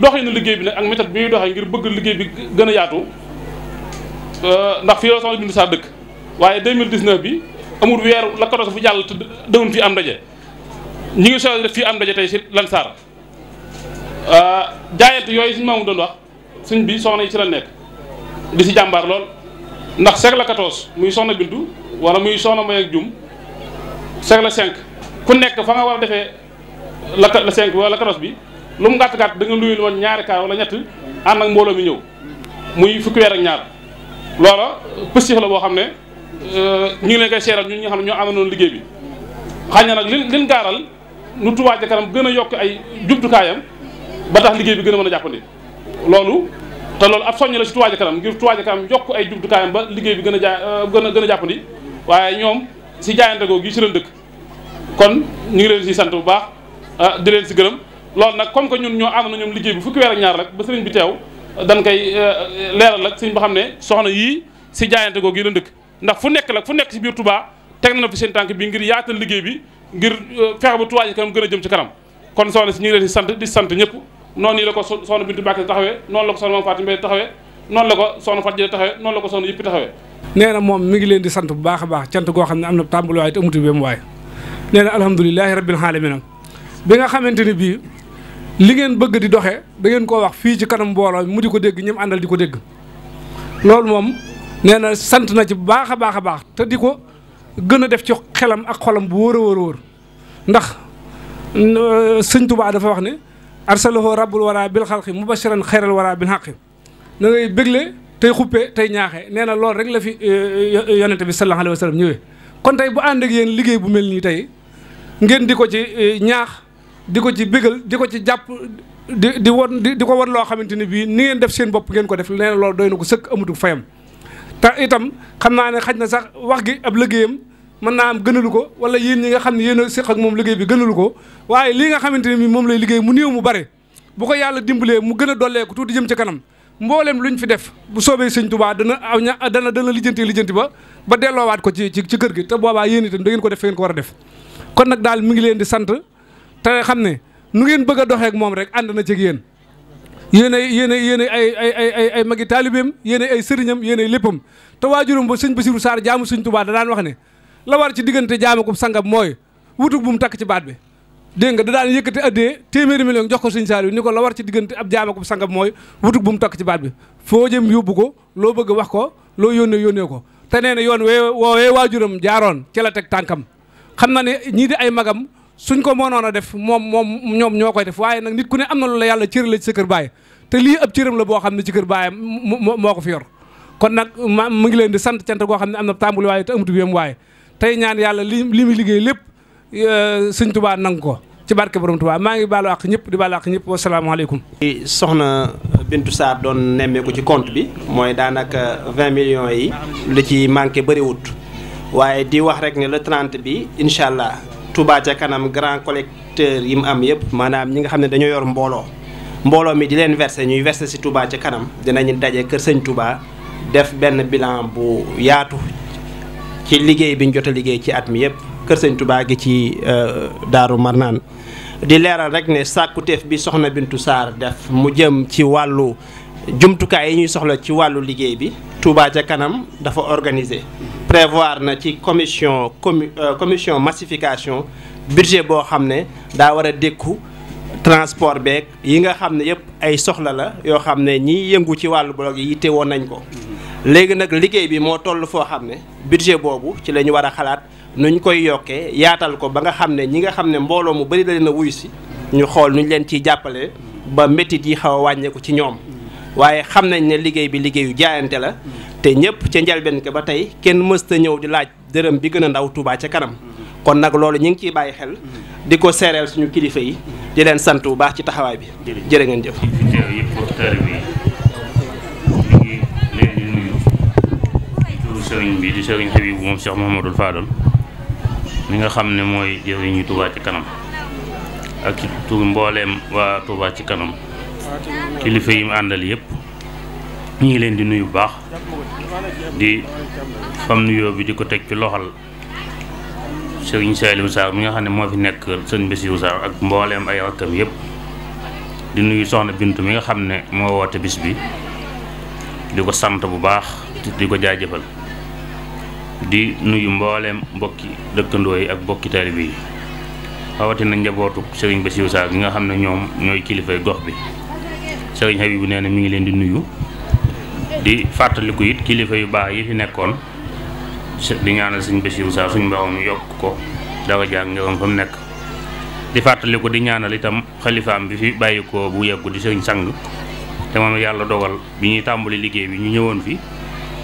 doxinu liggéey bi nag ak méthode bi ñuy doxee ngir bëgg liggéey bi gën a yaatu euh, ndax fii la soxna Bintou Sarr dëkk waaye 2019 bi amul weeru la 14 fu jàll te dëwun fii am ndaje ngi soxla fii am ndaje tey si lan saara euh, jaayante yooyu suñ doon wax suñ bi soxna yi si la nekk di si jàmbaar lool ndax siècle 14 muy soxna Bintou wala muy soxna May ak Jum siècle 5 ku nekk fa nga war a defee la la 5 wala la 14 bi lu mu gàtt gàtt da nga luyul woon ñaari kaar wala ñett ànd ak mbooloo mi ñëw muy fukki weer ak ñaar loola pëstif la boo xam ne euh, ñu ngi leen koy seeral ñun ñi nga xam ne ñoo amanoon liggéey bi xañ na nag li lin gaaral nu Touba kanam gën a yokk ay jumtukaayam ba tax liggéey bi gën a mën a jàppandi loolu te loolu ab soññ la si Touba ca kanam ngir Touba kanam yokk ay jumtukaayam ba liggéey bi gën a jaa euh, gën a gën a jàppandi waaye ñoom si jaayante googu gi si leen dëkk kon ñu ngi leen si sant bu baax ah, di leen si gërëm loolu nag comme que ñun ñoo ànd na ñoom liggéey bi fukki weer ak ñaar rek ba sëriñ bi teew dañ koy euh, euh, leeral ak sëriñ boo xam ne soxna yii si jaayante googu yi la ndëkk ndax fu nekk la fu nekk ci biir tubaa teg na fi seen tànk bi ngir yaatal liggéey bi ngir euh, fexe ba Touba ci kanam gën a jëm ci kanam kon soxna si ñu ngi leen di sant di sant ñëpp noonu yi la ko soxna Bintu Mbàkke taxawee noonu la ko soxna Mame Fatou Mbaye taxawee noonu la ko soxna Fatou Dieng taxawee noonu la ko soxna yëpp taxawee moom mi ngi leen di sant bu baax a baax cant goo xam am na tàmbali waaye te amutu bi mu waaye nee na alhamdulilahi rabbil li ngeen bëgg di doxee da ngeen koo wax fii ci kanam mbooloo mu di ko dégg ñim àndal di ko dégg loolu moom nee na sant na ci bu baax a baax a baax te di ko gën a def ci xelam ak xolam bu wóor a wóor a wóor ndax euh, sëñ Tuubaa dafa wax ne arsalahu rabbul wara bil xalqi mubashiran xayral wara bil xaqi da ngay bégle tey xuppe tey ñaaxee nee na loolu rek la fi euh, euh, yonente bi sallallahu alayhi wa sallam ñëwee kon tey bu ànd ak yéen liggéey bu mel nii tey ngeen di ko ci ñaax di ko ci bégal di ko ci jàpp di di won di ko won loo xamante ni bii ni ngeen def seen bopp ngeen ko def nee na loolu doy na ko sëkk amatu fayam te itam xam naa ne xaj na sax wax gi ab liggéeyam mën naa am gënalu ko wala yéen yi nga xam ne yéen a séq ak moom liggéey bi gënalu ko waaye lii nga xamante ne bii moom lay liggéey mu néew mu bare bu ko yàlla dimbalee mu gën a dolleeku tuuti jëm ci kanam mbooleem luñ fi def bu soobee sëñ Tuubaa dana aw ña dana dana lijjanti lijjanti ba ba delloowaat ko ci ci kër gi te boobaa yéen da ngeen ko def ko war a def kon nag daal mi ngi leen di sant te xam ne nu ngeen bëgg a doxeek moom rek ànd na ci yéen yéen ay yéen ay yéen ay ay ay ay ay magi taalibeem yéen ay ay sëriñam yéen ay léppam te waajuram ba sëñ Basiru Saar jaamu sëñ Tuubaa da daan wax ne la war ci diggante jaamu ko sangam mooy bu mu takk ci baat bi dégg nga da daan yëkkati addee téeméeri million jox ko sëñ Saaliw ni ko la war ci diggante ab jaam ak sangam mooy wutug bu mu takk ci baat bi foo jëm yóbbu ko loo bëgg wax ko loo yónnee yónnee ko te nee yoon wee woowee waajuram jaaroon ci la teg tànkam xam na ne ñii di ay magam suñ ko moo a def moom moom ñoom ñoo koy def waaye nag nit ku ne am na lu yàlla cërale ci sa kër baay te lii ab cëram la boo xam ne ci kër baayam moo ko fi yor kon nag ma mu ngi leen di sant cante goo xam ne am na tàmbali waaye te amatu bi yam waaye tey ñaan yàlla li li liggéey lépp euh, sëñ Tuubaa nangu ko ci barke borom Tuubaa maa ngi baalu àq ñëpp di baalu àq ñëpp wasalaamaaleykum soxna Bintu Sarr doon nemmeeku ci compte bi mooy daanaka vingt millions yi li ci manqué bariwut waaye di wax rek ne le 30 bi incha allah Touba ca kanam grand collecteur yi mu am yëpp maanaam ñi nga xam ne dañoo yor mbooloo mbooloo mi di leen verser ñuy verser ci tubaa ca kanam dinañu daje kër sañ Touba def benn bilan bu yaatu ci liggéey bi ñu jot liggéey ci at mi yëpp kër sëñ Touba gi ci euh, Daaru Marnaan di leeral rek ne sàkku sàkkuteef bi soxna Bintu saar def mu jëm ci wàllu jumtukaay yi ñuy soxla ci wàllu liggéey bi Touba ca kanam dafa organiser. prévoir na ci commission commu euh, commission massification budget boo xam ne daa war a dékku transport beeg yi nga xam ne yëpp ay soxla la yoo xam ne ñi yëngu ci wàllu blog yi yitte woon nañ ko léegi nag liggéey bi moo toll foo xam ne budget boobu ci la ñu war a xalaat nuñ koy yokkee yaatal ko ba nga xam ne ñi nga xam ne mbooloo mu bëri la leen a wuyu si ñu xool nuñ leen ciy jàppale ba métit yi xaw a wàññeeku ci ñoom waaye xam nañ ne liggéey bi liggéeyu jaayante la te ñëpp ca njalbeen ke ba tey kenn mësta ñëw di laaj dërëm bi gën a ndaw Touba ca kanam kon nag loolu ñu ngi ciy bàyyi xel di ko seereel suñu kilifa yi di leen sant bu baax ci taxawaay bi jërë ngeen bi di sëriñ Habib moom Cheikh Mouhamadul Fadal mi nga xam ne mooy yu ñu Touba ci kanam ak ci mbooleem waa Touba ci kanam kilifa yi mu àndal yëpp ñu ngi leen di nuyu bu baax di fam nuyoo bi di ko teg ci loxol sëriñ Saliou Sarr bi nga xam ne moo fi nekk sëriñ Bassirou Sarr ak mbooleem ay rakkam yépp di nuyu soxna bint mi nga xam ne moo woote bis bi di ko sant bu baax di ko jaajëfal di nuyu mbooleem mbokki dëkkandoo yi ak mbokki taalibe yi rawatina njabootu sëriñ Bassirou bi nga xam ne ñoom ñooy kilifay gox bi sëriñ Habibou nee na mu ngi leen di nuyu di fàttaliku it kilifa yu baax yi fi nekkoon di ñaanal sëñ Bachir saa suñ mbaxam yokk ko dafa jàng ngëwam fa mu nekk di fàttaliku di ñaanal itam xalifaam bi fi bàyyi bu yeggu di sëñ sang te moom yàlla dogal bi ñuy tàmbali liggéey bi ñu ñëwoon fi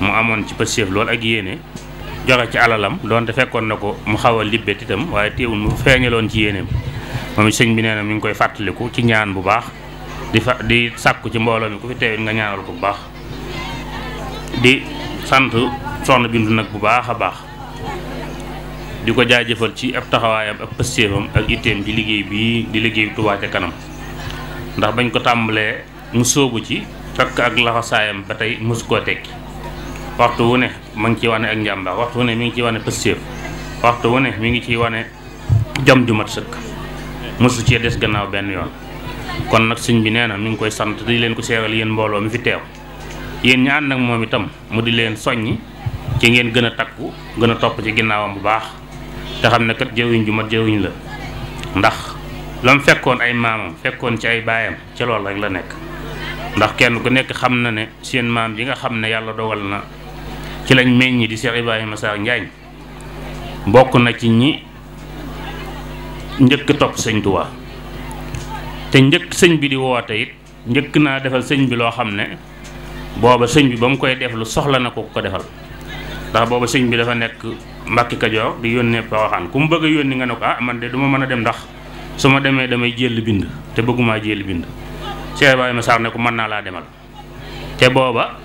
mu amoon ci pëccëf lool ak yéene joxe ci alalam donte fekkoon na ko mu xaw a libbet itam waaye teewul mu feeñaloon ci yéeneem moom sëñ bi nee na mi ngi koy fàttaliku ci ñaan bu baax di fa di sàkku ci mbooloo mi ku fi teewit nga bu baax di sant soxna Bintu nag bu baax a baax di ko jaajëfal ci ab taxawaayam ak pëstéefam ak itteem ci liggéey bii di liggéey Touba ca kanam ndax bañ ko tàmbalee mu sóobu ci takk ak laxasaayam ba tey mësu koo tekki waxtu wu ne ma ngi ciy wane ak njàmbaar waxtu wu ne mi ngi ciy wane pëstéef waxtu wu ne mi ngi ciy wane jom jumat sëkk mosu cee des gannaaw benn yoon kon nag sëñ bi nee na mi ngi koy sant di leen ko seeral yeen mbooloo mu fi teew yéen ñu ànd ak moom itam mu di leen soññi ci ngeen gën a takku gën a topp ci ginnaawam bu baax te xam ne kat jëwiñ ju mat jëwiñ la ndax lam fekkoon ay maamam fekkoon ci ay baayam ca loolu rek la nekk ndax kenn ku nekk xam na ne seen maam yi nga xam ne yàlla dogal na ci lañ meññi di Cheikh Ibrahima Sarr Njaañ bokk na ci ñi njëkk topp sëñ Tuubaa te njëkk sëñ bi di woote it njëkk naa defal sëñ bi loo xam ne booba sëñ bi ba mu koy def lu soxla na ko ku ko defal ndax booba sëñ bi dafa nekk Mbàkke di yónnee Poroxaan ku mu bëgg a yónni nga ne ko ah man de du ma mën a dem ndax su ma demee damay jéll bind te bëggumaa jéll bind Cheikh Ibrahima Sarr ne ko mën naa laa demal te booba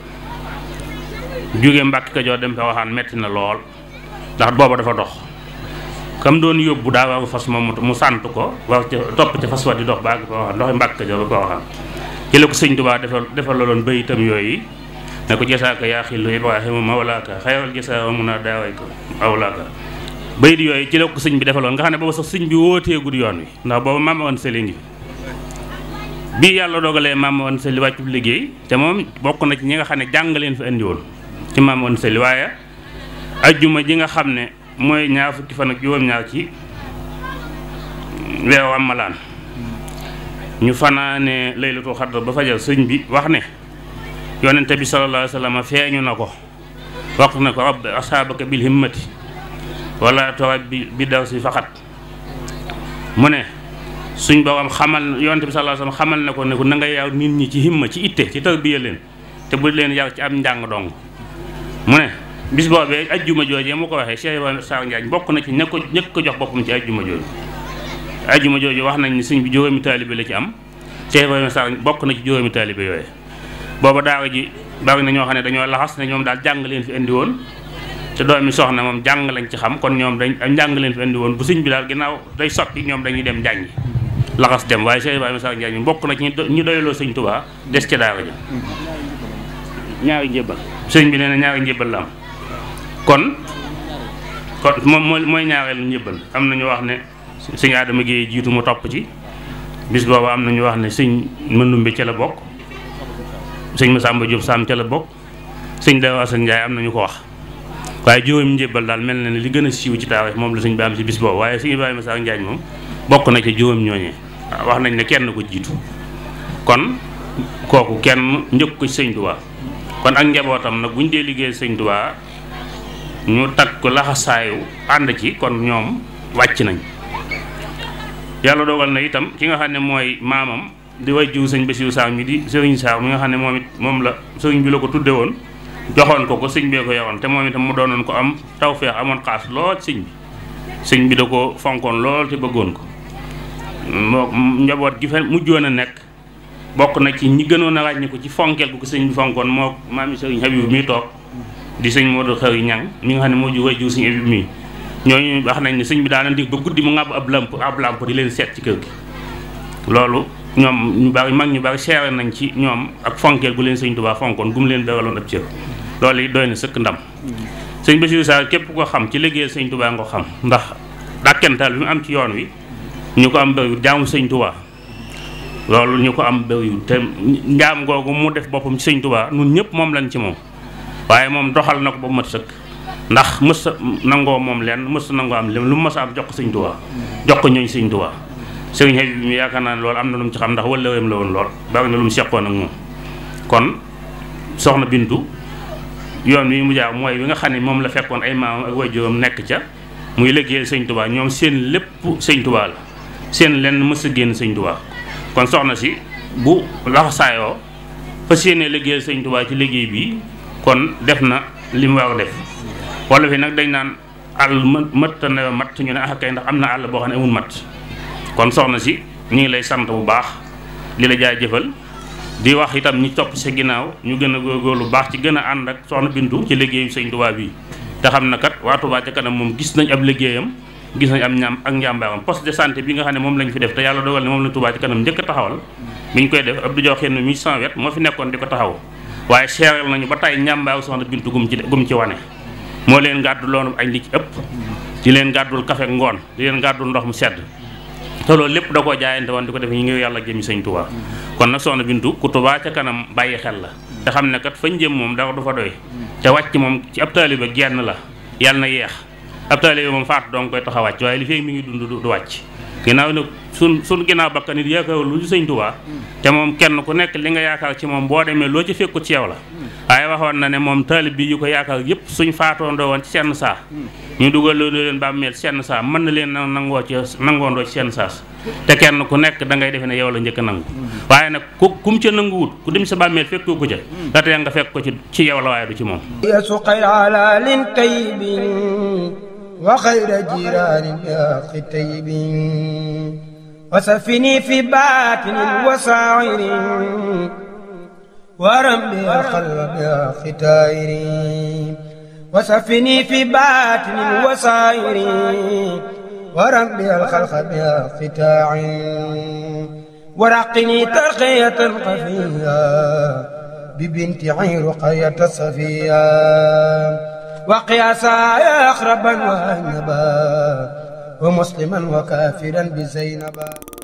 jóge Mbàkke Kajoor dem Poroxaan metti na lool ndax booba dafa dox kam doon yóbbu daa waru fas ma mu sant ko war ca topp ca fas wa di dox ba àgg Poroxaan ndoxi Mbàkke ba Poroxaan ci la ko sëñ Tuubaa defal defa la loon bayitam yooyu ne ko jasaaka yaa xillu Ibrahima mawlaaka xayral jasaa mun a daaway ko awlaaka bayit yooyu ci la ko sëñ bi defaloon nga xam ne booba sax sëñ bi wóoteegul yoon wi ndax booba maam woon seli ngi bii yàlla dogalee maam woon seli wàccub liggéey te moom bokk na ci ñi nga xam ne jàng leen fi andi woon ci maam woon seli waaye ajjuma ji nga xam ne mooy ñaar fukki fan ak juróom-ñaar ci weeru ñu fanaane laylatul xadr ba fajar sëñ bi wax ne yonente bi sallallahu alayhi wa sallam feeñu na ko wax na ko rabbi asaabaka bil himmati wala torab bi bi daw si faxat mu ne suñ am xamal yonente bi sallallahu alayhi xamal na ko ne ko na nga yaw nit ñi ci himma ci itte ci tarbiya leen te bu leen yar ci am njàng dong mu ne bis boobee ajjuma joojee mu ko waxee Cheikh Ibrahima Sarr Ndiagne bokk na ci ña ko ko jox boppam ci ajjuma jooju ajjuma jooju wax nañ ni sëñ bi juróomi taalibe la ci am Cheikh Ibrahima Sarr bokk na ci juróomi taalibe yooyu booba daara ji bari na ñoo xam ne dañoo laxas ne ñoom daal jàng leen fi indi woon te doomi soxna moom jàng lañ ci xam kon ñoom dañ jàng leen fi indi woon bu sëñ bi daal ginnaaw day ñoom dañuy dem njàngi laxas dem waaye Cheikh Ibrahima Sarr Ndiaye bokk na ci ñu doyloo sëñ Touba des ca daara ji ñaari njëbbal sëñ bi nee na ñaari njëbbal la am kon moom mooy ñaareelu njëbbal am na ñu wax ne sëñ Adama Guèye jiitu mu topp ci bis boobu am na ñu wax ne sëñ Mëndumbe ca la bokk sëñ Masamba Diop Sam ca la bokk sëñ Dawa Assane Ndiaye am na ñu ko wax. waaye juróomi njëbbal daal mel na ne li gën a siiw ci taawaay moom la sëñ bi am ci bis boobu waaye sëñ Ibrahima Sarr Ndiaye moom bokk na ca juróom ñooñee wax nañ ne kenn ko jiitu kon kooku kenn njëkk ko ci sëñ Tuubaa kon ak njabootam nag bu ñu dee liggéey sëñ Tuubaa ñu takk laxasaayu ànd ci kon ñoom wàcc nañ. yàlla dogal na itam ki nga xam ne mooy maamam di way jiw sëñ Bassirou Sarr mi di sëriñ Sarr mi nga xam ne moom it moom la sëriñ bi la ko tudde woon joxoon ko ko sëñ bee ko yoroon te moom itam mu doonoon ko am tawféex amoon xaas lool sëñ bi sëñ bi da ko fonkoon lool te bëggoon ko moo njaboot gi fa mujjoon a nekk bokk na ci ñi gënoon a ràññi ko ci fonkeel ko sëñ bi fonkoon moo maami sëriñ Habib mi toog di sëñ Modou Khary Niang mi nga xam ne moo ju way jiw sëñ Habib ñooñu wax nañ ne sëñ bi daana dig ba guddi mu ngàbb ab lamp ab lamp di leen seet ci kër gi loolu ñoom ñu bari mag ñu bari seere nañ ci ñoom ak fonkeel gu leen sëñ Tuubaa fonkoon gum leen bewaloon ab cër loolu yi doy na sëkk ndam sëñ Bassirou Sarr képp ko xam ci liggéeyal sëñ Tuubaa ngoo xam ndax dàkkental bi mu am ci yoon wi ñu ko am bëriwul jaamu sëñ Tuubaa loolu ñu ko am bëriwul te njaam googu mu def boppam ci sëñ Tuubaa nun ñëpp moom lañ ci moom waaye moom doxal na ko ba mat sëkk ndax mës nangoo moom lenn mës sa nangoo am lu mu mës a am jox ko sëñ jox ko ñooñ sëñ Tuubaa sëriñ Habib mi yaakaar naa ne loolu am na lu mu ci xam ndax wala wéyam la woon lool bari na lu mu seqoon ak moom kon soxna Bintu yoon wi mu jaar mooy bi nga xam ne moom la fekkoon ay maamam ak waajuram nekk ca muy liggéeyal sëñ Tuubaa ñoom seen lépp sëñ Tuubaa la seen lenn mës a génn sëñ Tuubaa kon soxna si bu laxasaayoo fas yéenee liggéeyal sëñ Tuubaa ci liggéey bi kon def na li mu war a def wala fi nag dañ naan àll matt na matt ñu ne ah kay ndax am na àll boo xam ne amul matt kon soxna si ñu ngi lay sant bu baax li la jaajëfal di wax itam ñi topp sa ginnaaw ñu gën a góorgóorlu bu baax gën a ànd ak soxna bi te xam na kat waa Tuubaa ca kanam moom gis nañ ab liggéeyam gis nañ am ñaam ak njàmbaaram poste de santé bi nga xam ne moom lañ fi def te yàlla dogal ne moom la Tuubaa ca kanam njëkk a taxawal bi ñu koy def Abdou Diaw xëy na 1800 wet moo fi nekkoon di ko taxaw waaye seeral nañu ba tey njàmbaaru soxna Bintu gum ci gum ci wane moo leen gàddu loonum añ li ci ëpp di leen gàddul kafe ngoon di leen gàddul ndox mu sedd te loolu lépp da koo jaayante woon di ko def ñu ngi yàlla jëmi sañ Tuubaa kon nag soxna bindu ku Tuubaa ca kanam bàyyi xel la te xam ne kat fañ jëm moom dara du fa doy te wàcc moom ci ab taalibe genn la yàlla na yeex ab taalibe moom faatu doom koy tax a wàcc waaye li fekk mi ngi dund du wàcc ginnaaw nag sun sun ginnaaw bakkan it yaakaar lu sëñ Tuubaa mm. te moom kenn ku nekk li nga yaakaar ci moom boo demee loo ci fekkut ci yow la mm. waaye waxoon na ne moom taalib bi yu ko yaakaar yëpp suñ faatoondoo woon ci seen saa mm. ñu dugal loolu leen bàmmeel ci seen saa mën na leen nangoo ci nangoondoo ci seen saas te kenn ku nekk da ngay defe ne yow la njëkk nangu waaye nag ku kum ca nanguwut ku dem sa bàmmeel fekkoo ko ca la tee nga fekk ko ci ci yow la du ci moom وخير جيران يا أخي الطيب وسفني في باطن وساعر ورمي القلب يا أخي تائر وسفني في باطن وساعر وربي الخلق باقتاع ورقني ترقية خفية ببنت عين رقية صفية وقياسا أخربا وأنبا ومسلما وكافرا بزينبا